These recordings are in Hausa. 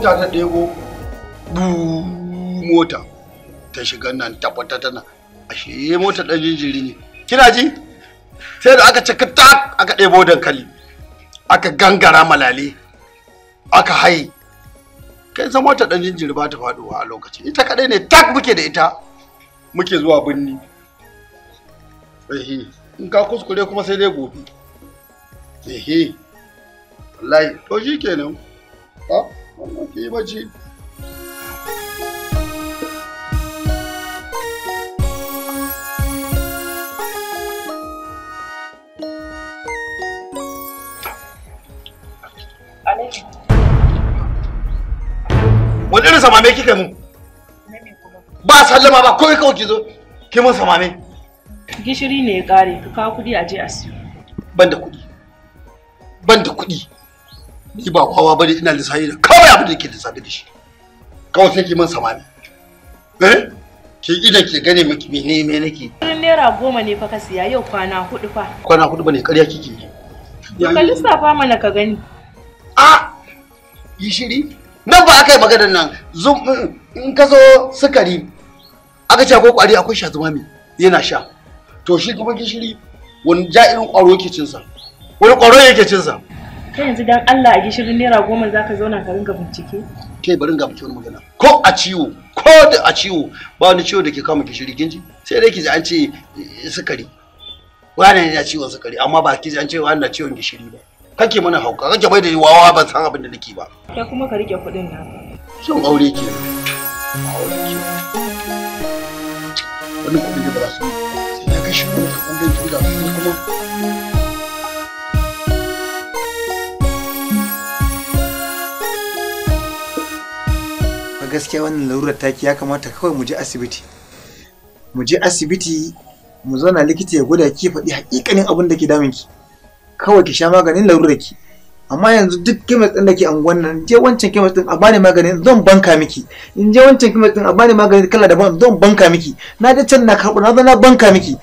mota ta ɗebo mota ta shiga nan fata tana ashe mota ɗan jinjiri ne kina ji sai da aka cika ta aka ɗebo dankali aka gangara malale aka hai kai san mota ɗan jinjiri ba ta faɗuwa a lokaci ita kaɗai ne tak muke da ita muke zuwa binni, ehe in ka kuskure kuma sai dai gobe ehe wallahi to shi kenan ha wannan ki bacci wani irin samame kika mun ba sallama ba kawai kawai ki zo ki mun samame gishiri ne ya kare ka kawo kudi a je a siyo ban da kuɗi ban da kuɗi. ni ba kowa bane ina lissafi da kawai abin da ke lissafi da shi kawai sai ki mun samani eh ki idan ki gane miki mene me nake kuɗin naira goma ne fa ka siya yau kwana hudu fa kwana hudu bane ƙarya kike yi ka lissafa mana ka gani a yi shiri nan ba aka yi maganar nan zum in ka zo sukari aka ce akwai kwari akwai sha me yana sha to shi kuma gishiri wani ja'irin kwaro ke cinsa wani kwaro yake cinsa kai yanzu dan Allah a gishirin naira goma za ka zauna ka ringa bincike kai bari ga mutuwar magana ko a ciwo ko da a ciwo ba wani ciwo da ke kama gishiri kinji sai dai ki an ce eh, sukari wani yana ciwon sukari amma ba ki an ce wani na ciwon gishiri ba kake mana hauka kake bai da wawa ban san abin da nake ba kai kuma ka rike kuɗin nan Shin aure ki aure ki wani kuɗi da ba su sai ka kashe mu ka kuma kuma gaskiya wannan larurar taki ya kamata kawai mu je asibiti mu je asibiti mu zauna likita ya gwada ki faɗi haƙiƙanin abin da ke damun ki kawai ki sha maganin larurar ki amma yanzu duk kemis ɗin da ke anguwan nan je wancan kemis ɗin a bani maganin zan banka miki in je wancan kemis ɗin a bani maganin kala daban zan banka miki na je can na karɓo na zo na banka miki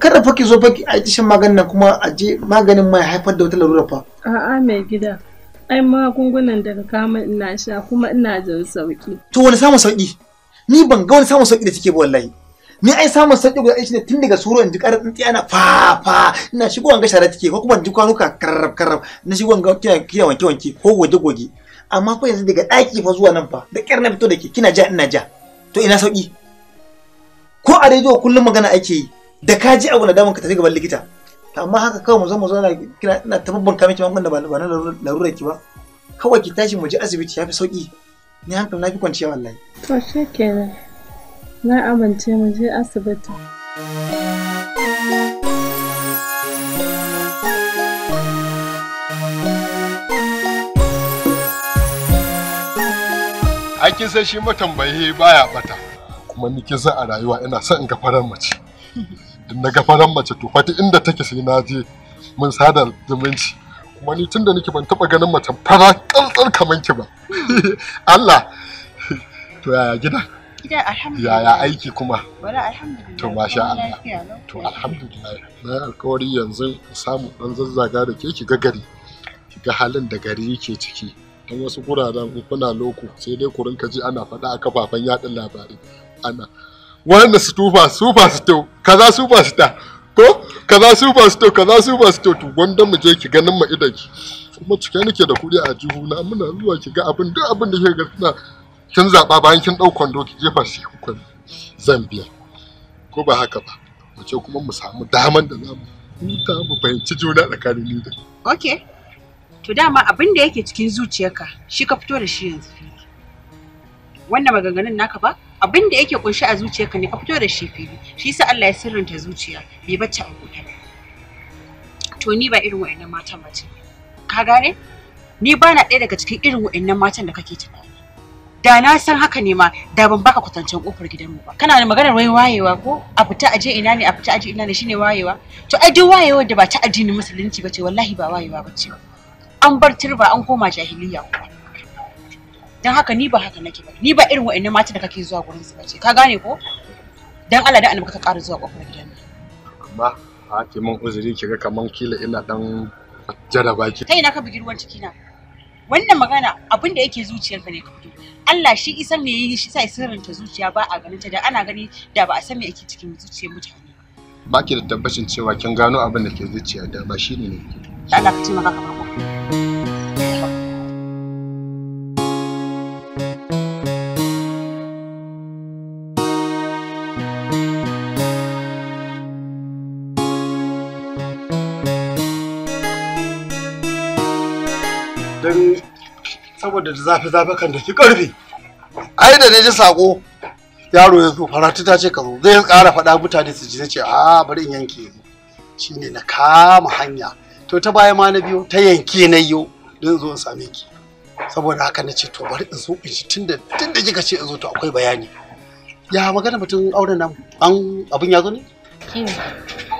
kada fa ki zo fa ki a shan maganin nan kuma a je maganin mai ya haifar da wata larurar fa a'a mai gida ai magungunan daga kama ina sha kuma ina jin sauki to wani samun sauki ni ban ga wani samun sauki da take ba wallahi ni ai samun sauki guda shi ne tun daga suro in ji karar tsintsiya na fa fa ina shigo an ga shara take ko kuma in ji kwanuka karrab karrab na shigo an ga kina wanke wanke ko goge goge amma fa yanzu daga daki fa zuwa nan fa da kyar na fito da ke kina ja ina ja to ina sauki ko a rediyo kullum magana ake yi da ka ji abu na damun ka tafi gaban likita amma haka kawai mu zo mu zauna kina ina ta babbarka miki magungunan da ba na larurar ki ba kawai ki tashi mu je asibiti yafi sauki ni hankali na fi kwanciya wallahi to shikenan na amince mu je asibiti Hakin sai shi matambaye baya bata kuma ni kin san a rayuwa ina son in ga farar mace na ga faran mace to fata inda take sai na je mun sada zumunci kuma ni tunda nake ban taba ganin mace fara kalkal kaman ki ba Allah to yaya gida gida alhamdulillah yaya aiki kuma wala alhamdulillah to masha Allah to alhamdulillah na alkawari yanzu samu dan zazzaga da ke ki ga gari ki ga halin da gari yake ciki don wasu guraren kuna loko sai dai ku rinka ji ana faɗa a kafafen yaɗin labari. ana wanda su tufa super sto kaza super ta ko kaza super sto kaza su sto to gwanda mu je ki ganin mu idan ki kuma cike nake da kuɗi a jihu na muna zuwa ki ga abin duk abin da ke ga suna, kin zaba bayan kin ɗau kwando ki jefa shi hukun zambia ko ba haka ba mu ce kuma mu samu daman da za mu huta mu fahimci juna tsakanin ni da okay to dama abin da yake cikin zuciyarka shi ka fito da shi yanzu wannan maganganun naka ba abin da yake kunshi a zuciyarka ne ka fito da shi fili shi sa Allah ya sirrinta zuciya bai bacci a gobe to ni ba irin wa'annan matan ba ce ka gane ni ba na ɗaya daga cikin irin wa'annan matan da kake tunani da na san haka ne ma da ban baka kwatancen kofar gidanmu ba kana da maganar wai wayewa ko a fita aje ina ne a fita aje ina ne shine wayewa to ai duk wayewa da ba ta addinin musulunci bace wallahi ba wayewa bace an bar turba an koma jahiliya kuma dan haka ni ba haka nake ba ni ba irin wa'annan mata da kake zuwa gurin su bace ka gane ko dan Allah da annabi ka ƙara zuwa kofar gidan nan amma a ke mun uzuri ga kaman kila ina dan jaraba ki kai na ka bugi ruwan ciki na wannan magana abin da yake zuciyarka ne ka fito Allah shi isan me yi shi sai ta zuciya ba a ganin ta da ana gani da ba a san me yake cikin zuciyar mutane ba ki da tabbacin cewa kin gano abin da ke zuciya da ba shi ne Allah ka ce maka kamar saboda da zafi zafi kan da ki karfi ai da ne ji sako yaro ya zo faratu ta ce ka zo zai ƙara faɗa mutane su ji ce a bari in yanke yanzu shine na kama hanya to ta baya ma na biyo ta yanke na yau don zo in same ki saboda haka na ce to bari in zo in ji tunda tunda kika ce in zo to akwai bayani ya magana mutum auren nan an abin ya zo ne kin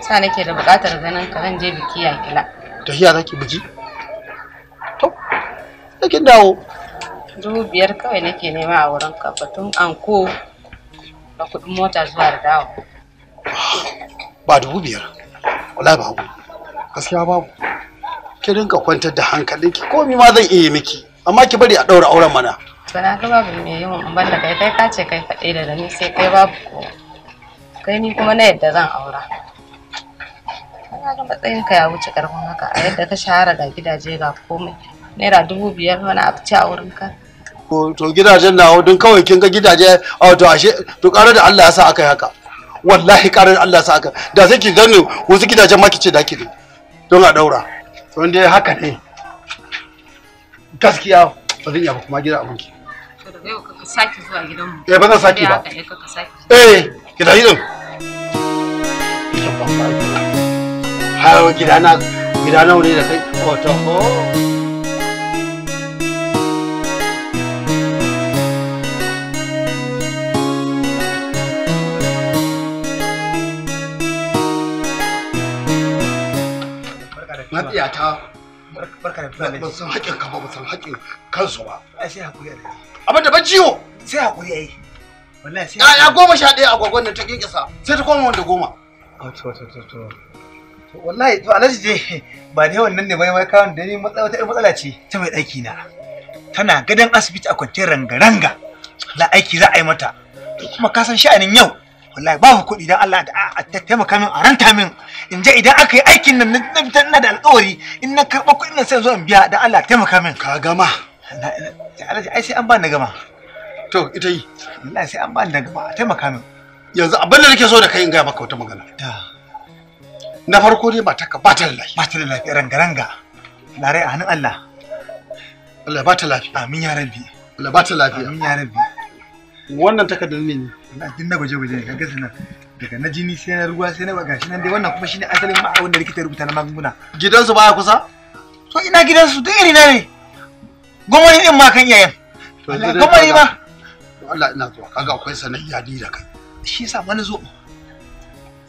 sa nake da buƙatar ganin ka zan je biki ya kila to hiya zaki biki to da dawo dubu biyar kawai nake nema a wurin ka batun anko da kuɗin mota zuwa da dawo ba dubu biyar wala babu gaskiya babu ki dinka kwantar da hankalinki komi ma zan iya miki amma ki bari a ɗaura auren mana sana ga babu me yawan in banda kai kai ka ce kai faɗe da ni sai kai babu ko kai ni kuma na yadda zan aura kana ga matsayin ka ya wuce karfin haka a yadda ka shahara ga gidaje ga komai naira dubu biyar wani abu ci a wurin ka to gidajen nawa don kawai kin ga gidaje a oh, to ashe to ƙarar da Allah ya sa aka yi haka wallahi ƙarar Allah ya sa aka da sai ki gani wasu gidajen ma kice da ki ne don a daura to dai haka ne gaskiya ba zan iya ba kuma gida abinki to da yau ka sake zuwa gidanmu eh ba zan sake ba eh gida gidan har gidana gidana ne da kai ko oh, to oh. lafiya ta barka da tunanin ban san haƙin ka ba san haƙin kansu ba ai sai hakuri ne abin da ba ciwo sai hakuri wallahi sai ya goma sha ɗaya agwagwan nan ta kinkisa sai ta koma wanda goma to to to to wallahi to alhaji je ba da yawan nan ne bai mai kawon da ni matsala matsala ce ta mai ɗaki na tana gadon asibiti a kwantar ranga-ranga la aiki za a yi mata kuma ka san sha'anin yau wallahi ba mu kuɗi dan Allah a taimaka min a ranta min in je idan aka yi aikin nan na fitar ina da alƙawari in na karɓa kuɗi nan sai zo in biya dan Allah taimaka min ka gama Alhaji ai sai an ba ni gama to ita yi wallahi sai an ba ni da gama taimaka min yanzu abin da nake so da kai in ga maka wata magana na farko dai matarka ba ta da lafiya ba ta da lafiya ranga ranga lare a hannun Allah Allah ba ta lafiya amin ya rabbi Allah ba ta lafiya amin ya rabbi wannan takardar ne na din na baje baje kaga sanan daga na jini sai na ruwa sai na baga shi nan dai wannan kuma shine asalin ma da likita rubuta na magunguna gidansu baya kusa to ina gidansu duk irina ne gwamnati din ma kan iyayen gwamnati ma Allah ina zuwa kaga akwai sanayya ni da kai shi yasa wani zo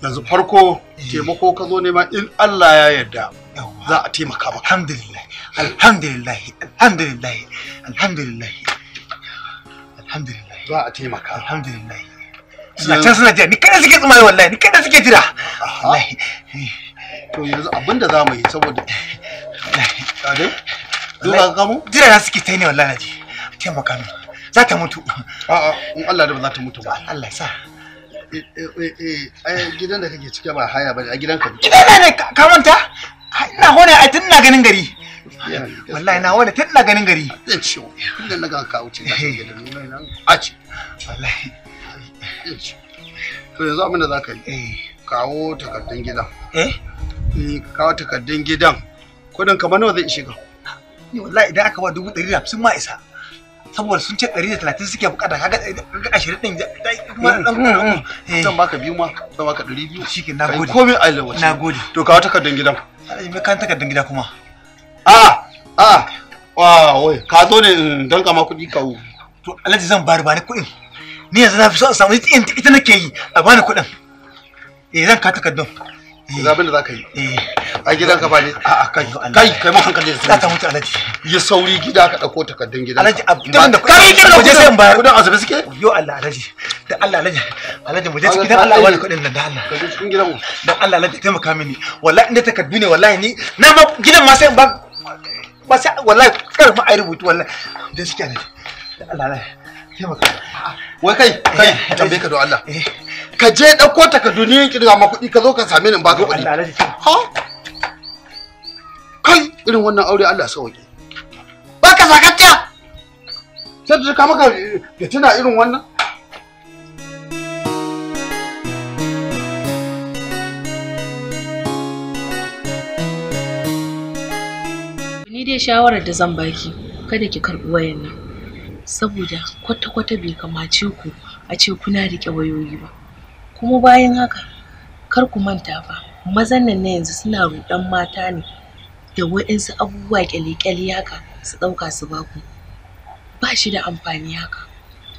yanzu farko eh. taimako ka zo nema in Allah ya yarda za a taimaka maka alhamdulillah alhamdulillah alhamdulillah alhamdulillah alhamdulillah za a taimaka alhamdulillah suna can suna jira ni kada suke tsumaye wallahi ni kada suke jira to yanzu abinda za mu yi saboda kade duka gamu jira na suke tai ne wallahi naji taimaka min za ta mutu a'a in Allah da ba za ta mutu ba Allah sa eh, eh, eh, eh gidan da kake cike ba haya bane a gidan ka gidan ne ka manta ina hone ai tun ina ganin gari wallahi na wani tun ina ganin gari zan ciwo tun da na ga ka wuce ka san gidan nan a ce wallahi to yanzu abin da za ka yi eh. kawo takardun gidan eh, eh kawo takardun gidan kudin kamar nawa zai ishe ka ni wallahi idan aka ba dubu ɗari da hamsin ma isa saboda sun ce ɗari da talatin suke bukata kaga kaga ashirin ɗin kuma ɗan mm, kuɗin mm, mm. eh. zan baka biyu ma zan baka ɗari biyu shi ke nagode komai alawaci nagode to kawo takardun gidan ai me kan takardun gida kuma a a wa wai ka zo ne in danka ma kuɗi kawo to alaji zan bari ba ni kuɗin ni yanzu na fi so a samu ita nake yi a bani kuɗin eh zan ka takardun ga eh. abin da za ka yi eh. a gidan ka bani a kai kai kai mu hankali da za ta mutu alaji yi sauri gida ka dauko takardun gidan alaji abin da kai gidan ku je sai in bayar kudin azubi suke yo Allah alaji da Allah alaji alaji mu je cikin gidan Allah wani kudin nan da Allah kaje cikin gidan mu dan Allah alaji taimaka mini wallahi inda takardu ne wallahi ni na ma gidan ma sai in ba ba sai wallahi kar ma ai rubutu wallahi da suke alaji da Allah alaji wai kai kai eh, tambaye ka don Allah eh. ka je ɗauko takardu ni yankin ma kuɗi ka zo ka same ni in baka kuɗi ha kai irin wannan aure Allah sauki baka sakacciya sai ta kama ka tuna irin wannan ni dai shawarar da zan baki kada ki karɓi wayan saboda kwata-kwata bai kamace ku a ce kuna riƙe wayoyi ba kuma bayan haka kar ku manta fa mazan nan na yanzu suna ruɗan mata ne da waɗansu abubuwa ƙyale-ƙyale haka su ɗauka su ba ku ba shi da amfani haka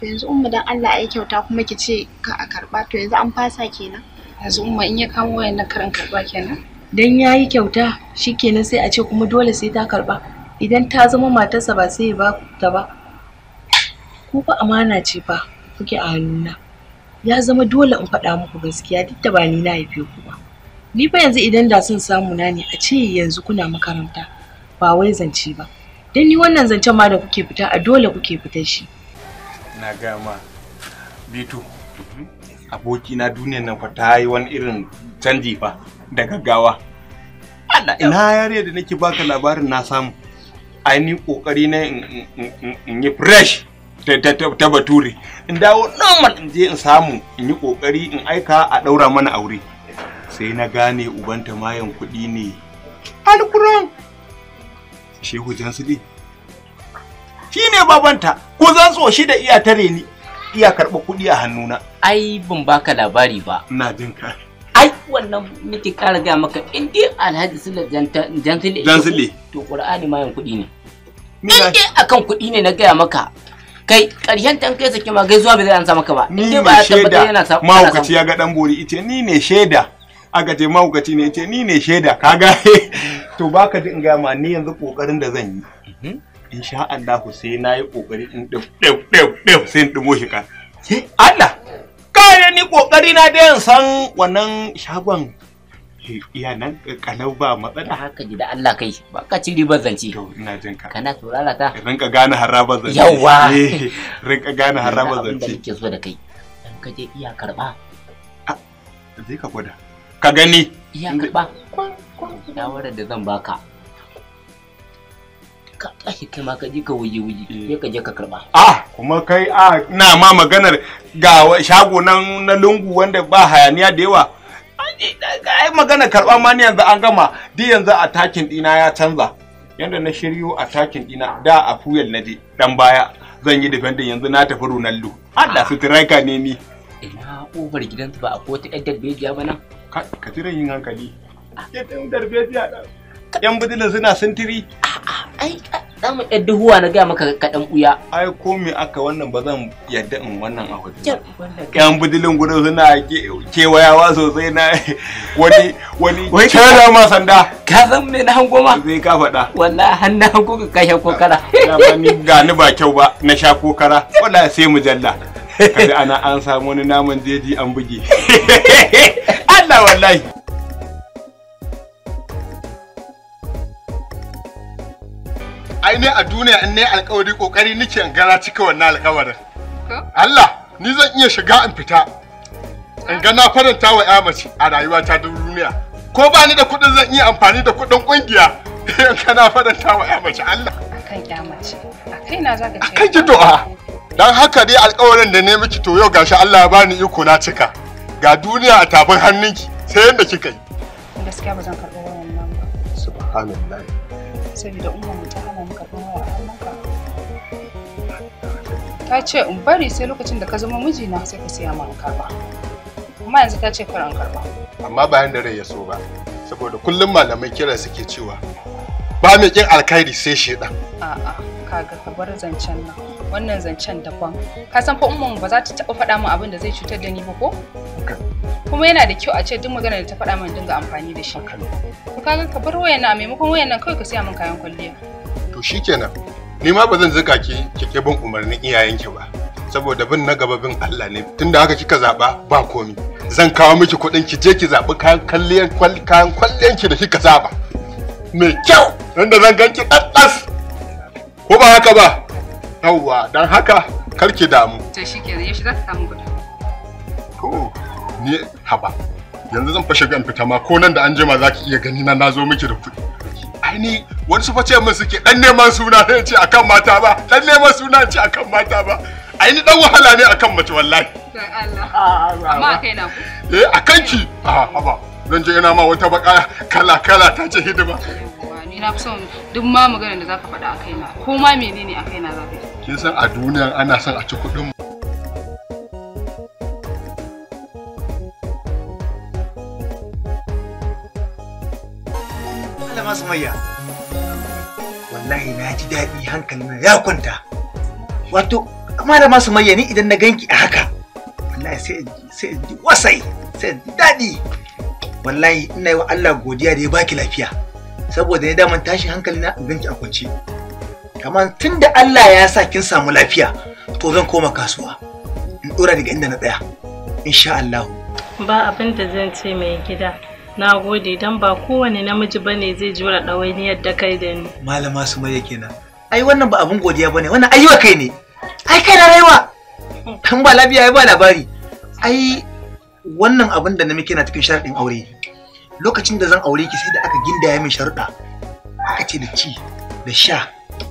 to yanzu umma dan Allah ya kyauta kuma ki ce ka a karɓa to yanzu an fasa kenan yanzu umma in ya kamo wayannan na karin karɓa kenan dan yayi kyauta shikenan sai a ce kuma dole sai ta karɓa idan ta zama matarsa ba sai ya ba ta ba Ko fa amana ce fa kuke a hannuna ya zama dole in faɗa muku gaskiya duk da ba ni na haife ku ba ni fa yanzu idan da sun samu na ne a ce yanzu kuna makaranta ba wai zance ba dan ni wannan zancen ma da kuke fita a dole kuke fitar shi na ga ma bitu aboki na duniyar nan fa ta yi wani irin canji fa da gaggawa ina yare da nake baka labarin na samu ni kokari na in yi fresh ta bature in dawo normal in je in samu in yi kokari in aika a daura mana aure sai na gane ubanta mayan kuɗi ne alkuran shehu jansili shi ne babanta ko zan so shi da iya tare ni iya karɓa kuɗi a hannuna ai ban baka labari ba ina jin ka ai wannan nake ƙara ga maka in dai alhaji sula jansili jansili to qur'ani mayan kuɗi ne in dai akan kuɗi ne na gaya maka kai karshen ta kai saki ma gaisuwa bai zai an maka ba ni ne shaida mahaukaci ya ga dan bori ice ni ne shaida aka ce mahaukaci ne ice ni ne shaida kaga to baka ji in ga ma ni yanzu kokarin da zan yi mhm. insha Allah sai na yi kokari in dif dif dif sai in dumo shi ka Allah kai ni kokari na da yan san wannan shagon iya nan kalau ba matsala haka ji da Allah kai ba ka ci ribar zance to ina jin ka kana turara ta rinka gane haraba zance yawa eh, rinka gane haraba zance abin da nake so da kai dan ka je iya karba a ah, zai ka gwada ka gani iya karba shawarar da zan baka ka tashi kai ma ka je ka wuji wuji sai eh. ka je ka karba a ah, kuma kai a ah, na ma maganar ga shago nan na lungu wanda ba hayaniya da yawa ai magana karba ma ni yanzu an gama di yanzu a takin ɗina ya canza yanda na shiryo a takin ɗina da a fuyel na je dan baya zan yi defendin yanzu na tafi Ronaldo Allah su tiraka ne ni ina ubar gidansu ba a ko ta yaddar ba nan ka tira yin hankali yaddar bejiya yan budilin suna sintiri a'a ai dan mu duhuwa na gaya maka ka dan buya ai ko me aka wannan ba zan yadda in wannan hudu yan budilin gudu suna kewayawa sosai na wani wani kada ma sanda ka san me na hango ma zai ka faɗa wallahi har na hango ka kashe kokara ga ni ba kyau ba na sha kokara wallahi sai mujalla kaji ana an samu wani naman jeji an buge Allah wallahi ai ne a duniya in ne alkawari kokari nake in gana cika wannan alkawarin Allah ni zan iya shiga in fita in ga na faranta wa ya mace a rayuwa ta duniya ko ba ni da kuɗin zan iya amfani da kuɗin ƙungiya in ga na faranta wa ya mace Allah akan ya mace akai na zaka ce akan ki do'a dan haka dai alkawarin da ne miki to yau gashi Allah ya bani iko na cika ga duniya a tafin hannunki sai yanda kika yi gaskiya ba zan karɓi wannan ba subhanallahi saboda umman ta hana mu kuma waya a hannunka ta ce in bari sai lokacin da ka zama mijina sai ka siya amma yanzu ta ce karan karba. amma bayan da rai ya so ba saboda kullum malamai kira suke cewa ba mai kin alkhairi sai shedan a'a ga ka bar zancen nan wannan zancen daban ka san fa umman ba za ta taɓa faɗa min abin da zai cutar da ni ba ko kuma yana da kyau a ce duk magana da ta faɗa min dinga amfani da shi to kaga ka bar wayan nan maimakon wayan nan kawai ka siya min kayan kwalliya to shikenan ni ma ba zan zuka ki kike bin umarnin iyayenki ba saboda bin na gaba bin Allah ne tunda haka kika zaba ba komi zan kawo miki kuɗin ki je ki zaɓi kayan kwalliyan kayan kwalliyan ki da kika zaba mai kyau wanda zan ganki ɗaɗɗas ko ba haka ba yauwa don haka karki damu to shi ke yaushe samu kuɗi to ni haba yanzu zan fashe gan fita ma ko nan da an jima za ki iya gani na nazo miki da kuɗi aini wani su face min suke dan neman suna ne ce akan mata ba dan neman suna ce akan mata ba aini dan wahala ne akan mace wallahi dan ah, Allah amma kai na ku eh akan ki a ah, haba zan je ina ma wata baka kala kala ta ce hidima ina fi son duk ma magana da zaka faɗa a kaina ko ma menene a kaina zaka yi kin san a duniya ana son a ci kuɗin mu Malama Sumayya wallahi na ji daɗi hankalina ya kwanta wato Malama Sumayya ni idan na ganki a haka wallahi sai sai wasai sai daɗi wallahi ina yi wa Allah godiya da ya baki lafiya saboda ni daman tashi hankali na ganki a kwance Kamar tun da Allah ya sa kin samu lafiya to zan koma kasuwa in dora daga inda na tsaya insha Allah ba abin da zan ce mai gida na gode don ba kowane namiji bane zai jura ɗawainiyar da kai da ni malama su mai kenan ai wannan ba abin godiya bane wannan ayyuka kai ne ai kai na rayuwa kan ba lafiya ai ba labari ai wannan abin da na muke na cikin sharadin aure lokacin da zan aure ki sai da aka gindaya min sharuɗa aka ce da ci da sha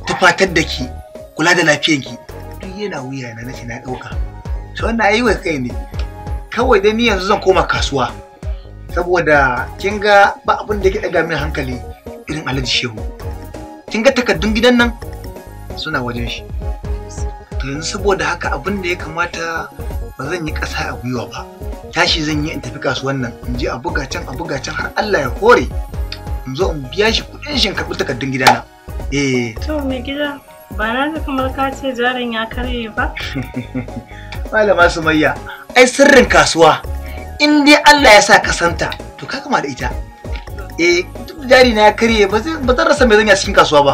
ta fatar da ki kula da lafiyarki. duk yana wuya na nace na ɗauka to wannan ayi wa kai ne kawai dai ni yanzu zan koma kasuwa saboda kin ga ba abin da ke daga min hankali irin alhaji shehu kin ga takardun gidan nan suna wajen shi to yanzu saboda haka abin da ya kamata ba zan yi ƙasa a gwiwa ba tashi zan yi in tafi kasuwan nan in je a buga can a buga can har Allah ya hore in zo in biya shi kuɗin shinkafa takardun gidana eh to mai gida ba na ga kamar ka ce jarin ya karye ba malama sumayya ai sirrin kasuwa in dai Allah ya sa ka santa to ka kama da ita eh jari na ya karye ba zan rasa mai zan yi a cikin kasuwa ba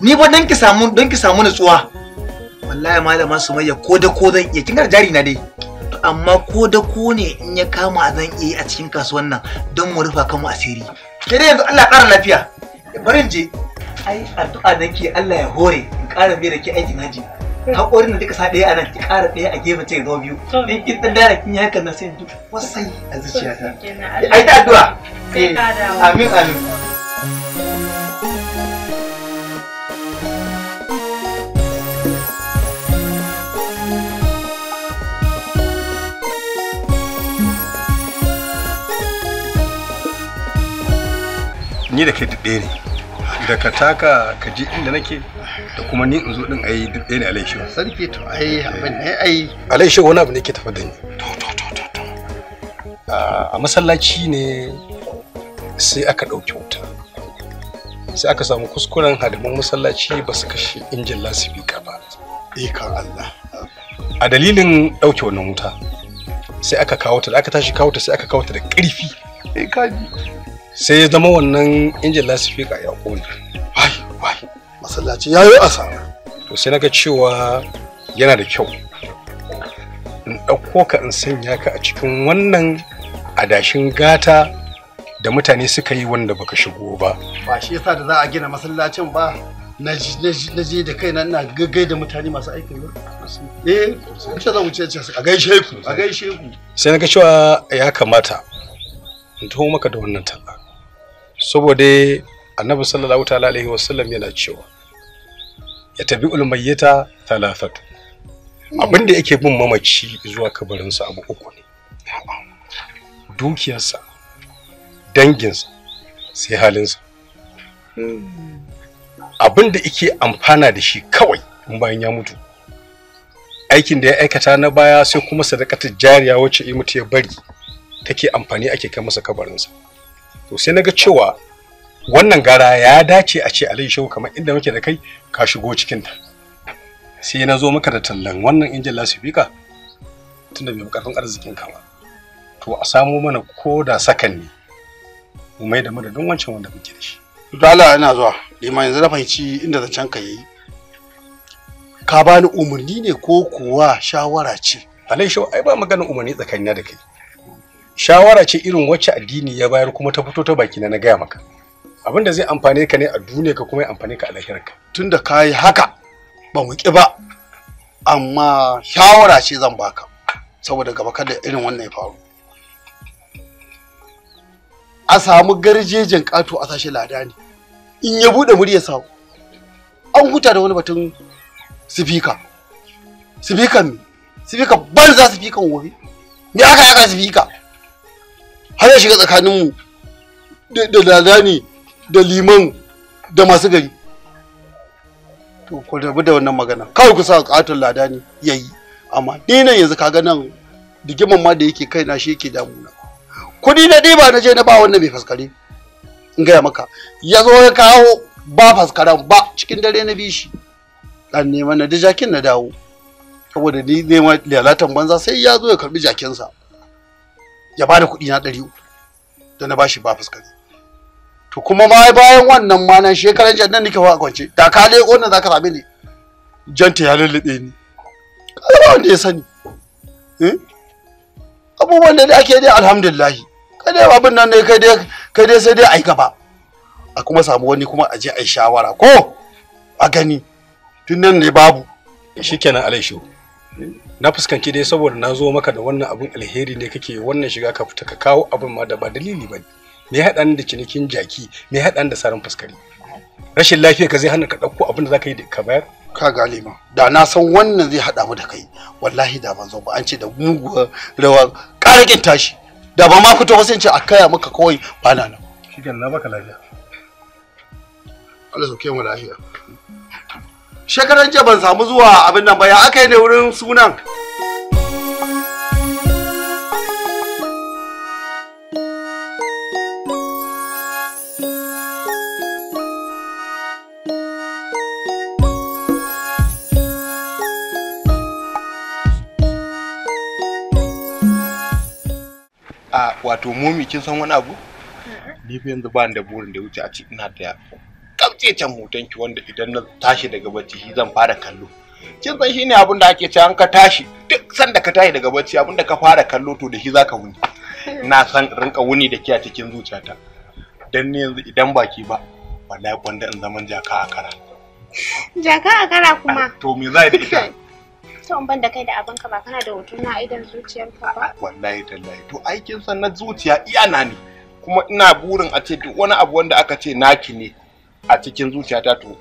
ni ba don ki samu don ki samu nutsuwa wallahi malama sumayya ko da ko zan iya kinga jari na dai amma ko da ko ne in ya kama zan iya a cikin kasuwan nan don mu rufa kanmu asiri ke dai yanzu Allah kara lafiya bari je ai addu'a nake Allah ya hore in kara biye da ke aikin haji hakorin da duka sa ɗaya a nan ki kara ɗaya a gefe ce zo biyu in kin dan dara kin haka na sai duka wasai a zuciyata ai ta addu'a amin amin ni da kai duk ne da ka taka ka ji inda nake da kuma ni in zo din ayi duk ne alai shehu sarki to ai abin ne ai alai shehu wani abu ne ke tafi da ni to to to to to a masallaci ne sai aka ɗauki wuta sai aka samu kuskuren hadimin masallaci ba su kashe injin lasifika ba ikon Allah a dalilin ɗauke wannan wuta sai aka kawo ta da aka tashi kawo ta sai aka kawo ta da ƙarfi eh kaji sai ya zama wannan injin lasifika ya ƙone wai wai masallaci ya yi asara to sai na ga cewa yana da kyau in ɗauko ka in sanya ka a cikin wannan adashin gata da mutane suka yi wanda baka shigo ba ba shi yasa da za a gina masallacin ba na je da kaina ina gaggai da mutane masu aiki ba eh ce zan wuce ce a gaishe ku a gaishe ku sai na ga cewa ya kamata in taho maka da wannan talla saboda annabi sallallahu ta'ala alaihi wasallam yana cewa ya tabi ulmayyata talafat abin da yake bin mamaci zuwa kabarinsa abu uku ne dukiyarsa danginsa sai halinsa abin da yake amfana da shi kawai in bayan ya mutu aikin da ya aikata na baya sai kuma sadakatar jariya wacce ya mutu ya bari take amfani ake kai masa kabarinsa to sai na ga cewa wannan gara ya dace a ce alayhi shehu kamar inda muke da kai ka shigo cikin ta sai na zo maka da tallan wannan injin lasifika tunda bai karfin arzikin ka ba to a samo mana ko da sakan ne mu mai da madadin wancan wanda muke da shi to Allah yana zuwa lima yanzu na fahimci inda zancen ka yayi ka bani umarni ne ko kuwa shawara ce alayhi shehu ai ba maganar umarni tsakanina da kai shawara ce irin wacce addini ya bayar kuma ta fito ta baki na na gaya maka abin da zai amfane ka ne a duniya ka kuma ya amfane ka a lahirarka tunda ka yi haka ban mu ba amma shawara ce zan baka saboda gaba kada irin wannan ya faru a samu garjejin kato a sashe ladani in ya bude murya sa an huta da wani batun sifika sifikan sifikan banza sifikan wofi me aka yaka sifika har ya shiga tsakaninmu da ladani da liman da masu gari to ku rabu da wannan magana kawai ku sa katon ladani yayi yi amma ni nan yanzu ka ga nan digiman ma da yake kai na shi yake damuna kuɗi na ɗiba na je na ba wannan bai faskare in gaya maka ya zo ya kawo ba faskaren ba cikin dare na bi shi dan neman na da jakin na dawo saboda ni nema lalatan banza sai ya zo ya karbi jakinsa ya bada kuɗi na ɗari uku da na bashi ba fuskar to kuma ma bayan wannan ma nan shekaran jan nan nake wa kwance da ka ko nan zaka same ni janta ya lullube ni kada wanda ya sani eh? abubuwan da ake dai alhamdulillahi kada abin nan ne kai dai kai dai sai dai ai gaba a kuma samu wani kuma a je yi shawara ko a gani tun nan ne babu shikenan alaishu na fuskanci dai saboda na zo maka da wannan abun alheri ne kake wannan shiga ka fita ka kawo abin ma da ba dalili ba me haɗan da cinikin jaki me haɗan da sarin fuskari rashin lafiya ka zai hana ka ɗauko abin da zaka yi ka bayar ka gane da na san wannan zai haɗa mu da kai wallahi da ban zo ba an ce da muguwar eh, rawa ƙin tashi da ba ma fito ba sai ce a kaya maka kawai ba na nan shi na baka lafiya Allah sauke mu lafiya shekaran jiya ban samu zuwa abin nan ba ya aka yi ne wurin sunan ah, wato momi kin san wani abu ni yanzu ba da burin da wuce a ci ina da ce hoton ki wanda idan na tashi daga bacci shi zan fara kallo kin san shine abin da ake cewa an ka tashi duk sanda ka tashi daga bacci abin da ka fara kallo to da shi zaka wuni na san rinka wuni da ke a cikin zuciyata dan ne yanzu idan baki ba wallahi kwanda in zaman jaka a kara jaka a kara kuma ah, to me za da ita ta ban da kai da ka ba kana da hoto na idan zuciyarka ba wallahi tallahi to aikin san na zuciya iya na ne kuma ina burin a ce duk wani abu wanda aka ce naki ne a cikin zuciyata to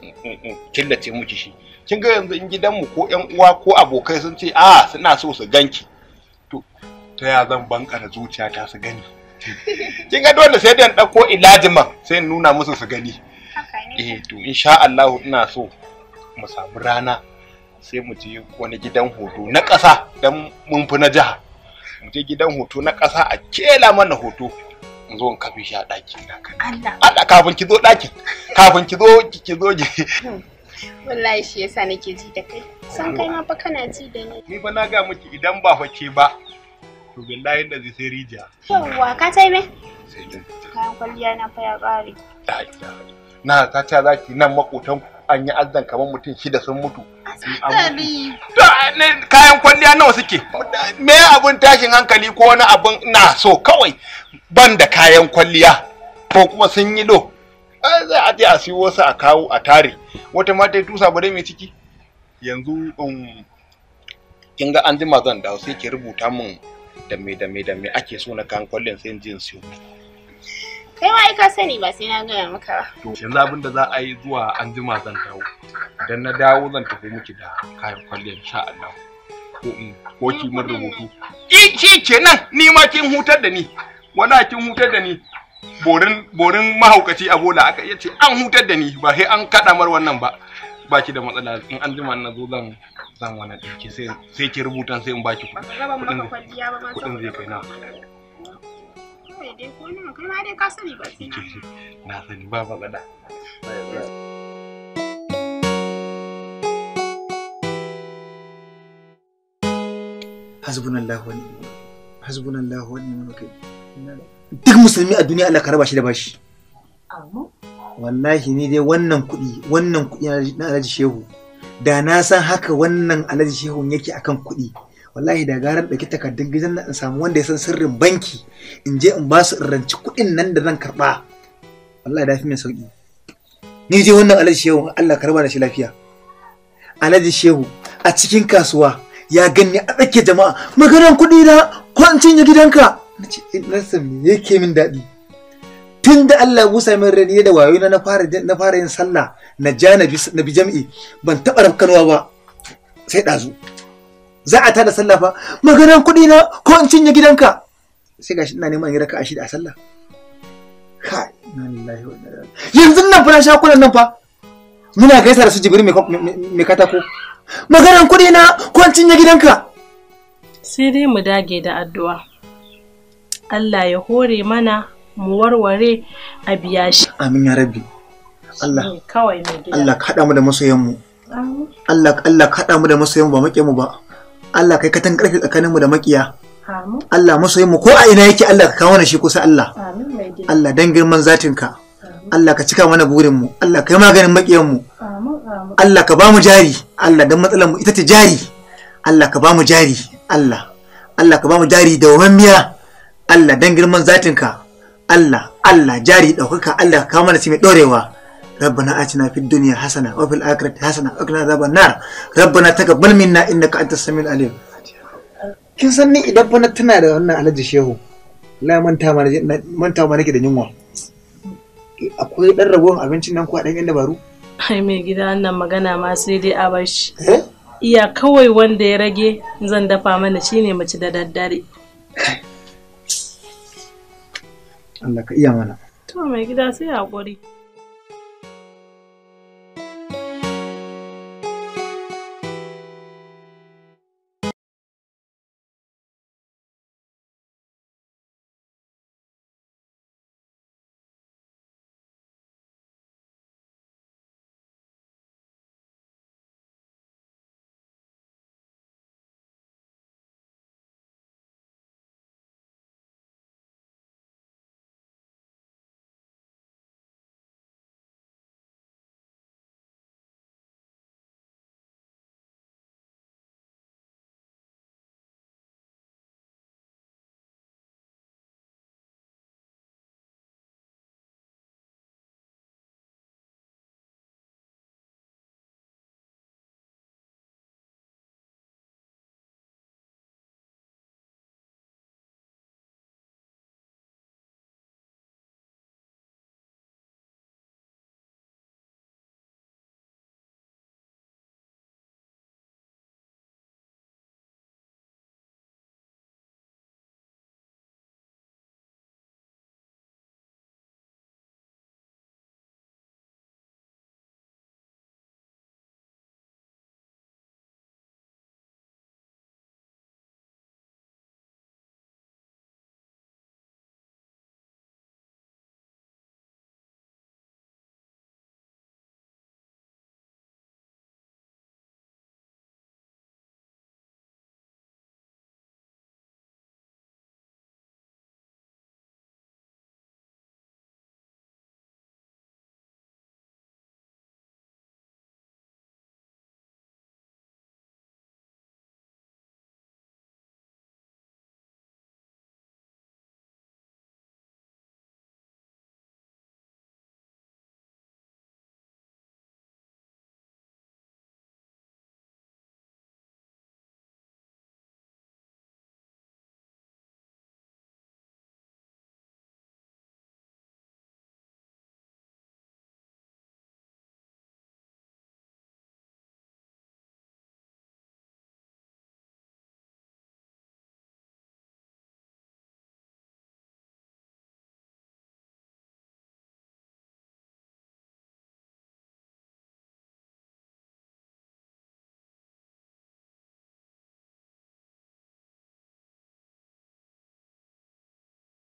killace muki shi kin ga yanzu in gidanmu ko yan uwa ko abokai sun ce a ah, suna so su ganki to ta ya zan bankara zuciyata su gani kin ga dole sai dan dauko ilajiman sai nuna musu su gani eh to insha Allah ina so mu samu rana sai mu je wani gidan hoto na ƙasa dan mun fi na jiha mu je gidan hoto na ƙasa a kela mana hoto zo in kafe shi a ɗakin na Allah Allah kafin ki zo ɗakin kafin ki zo ki zo hmm. wallahi shi yasa nake ji da kai san kai ma fa kana ji da ni ni fa na ga miki idan ba fake ba to billahi da zai sai rija yawwa ka tai me kayan kwalliya na fa ya ƙare na ta ta zaki nan makotan an yi azan kamar mutum shida sun mutu kayan kwalliya nawa suke me abun tashin hankali ko wani abun na so kawai ban da kayan kwalliya ko kuma sun yi do za a je a siyo su a kawo a tare wata mata ta tusa bare mai ciki yanzu um, kin ga an jima zan dawo sai ki rubuta mun da me da me da me ake so na kayan kwallon sai in ji in siyo Kai ma ai ka sani ba sai na gaya maka ba. To yanzu abin da za a yi zuwa an jima zan dawo. Idan na dawo zan tafi miki da kayan kwalliya, insha Allah. Ko in ko ki min rubutu. Ki ki kenan ni ma kin hutar da ni. Wala kin hutar da ni. Borin borin mahaukaci a bola aka iya ce an hutar da ni ba sai an kada mar wannan ba. Ba ki da matsala in an jima na zo zan zan wani ɗauke sai ki rubutan sai in baki kuɗin. Kuɗin zai kai na. dai ko kai ma dai ka sani ba sai na na sani ba hasbunallahu wa ni'mal hasbunallahu wa ni'mal wakil duk musulmi a duniya Allah ka raba shi da bashi wallahi ni dai wannan kuɗi wannan kuɗi na alhaji shehu da na san haka wannan alhaji shehu yake akan kuɗi wallahi da garan daki takardun gidan na in samu wanda ya san sirrin banki in je in ba su in ranci kuɗin nan da zan karɓa wallahi da fi min sauƙi ni je wannan alhaji shehu Allah karba da shi lafiya alhaji shehu a cikin kasuwa ya ganni a tsakiyar jama'a maganan kuɗi na kwancin ya gidanka na ce eh, na san me yake min daɗi tun da Allah ya busa min rani da wayo na fara na fara yin sallah na ja na bi jami'i ban taɓa rafkanwa ba sai ɗazu za a tada sallah fa maganan kuɗi na ko in cinye gidanka sai gashi ina neman gidanka a shida a sallah kai yanzu nan fa na sha kuɗin nan fa muna gaisa da su jibril mai katako maganan kuɗi na ko in cinye gidanka sai dai mu dage da addu'a Allah ya hore mana mu warware a biya shi amin ya rabbi Allah kawai mai gida Allah ka hada mu da masoyan mu Allah Allah ka hada mu da masoyan mu ba muke mu ba Allah kai katan karfi tsakanin mu da makiya Allah masoyin mu ko a ina yake Allah ka kawo mana shi kusa Allah Allah dan girman zatinka Allah ka cika mana burin mu Allah kai maganin makiyan mu Allah ka bamu jari Allah dan matsalar mu ita ce jari Allah ka bamu jari Allah Allah ka bamu jari da miya. Allah dan girman zatinka Allah Allah jari ɗaukaka Allah ka kawo mana shi mai ɗorewa ربنا آتنا في الدنيا حسنة وفي الآخرة حسنة وقنا عذاب النار ربنا تقبل منا إنك أنت السميع العليم kin san ni idan fa tana da wannan alhaji shehu la manta ma manta ma da yunwa akwai dan abincin nan ko dan yan dabaru ai mai gida wannan magana ma sai dai a bashi. Eh? iya kawai wanda ya rage zan dafa mana shine mace da daddare iya mana to mai gida sai hakuri